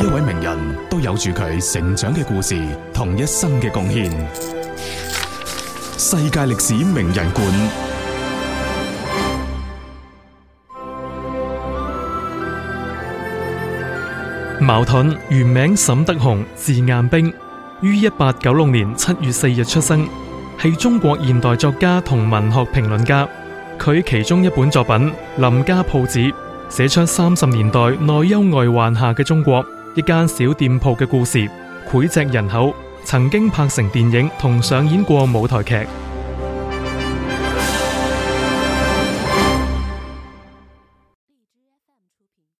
一位名人都有住佢成長嘅故事，同一生嘅貢獻。世界歷史名人館，茅盾原名沈德雄字雁冰，於一八九六年七月四日出生，係中國現代作家同文學評論家。佢其中一本作品《林家鋪子》，寫出三十年代內憂外患下嘅中國。一間小店鋪嘅故事，膾炙人口，曾經拍成電影同上演過舞台劇。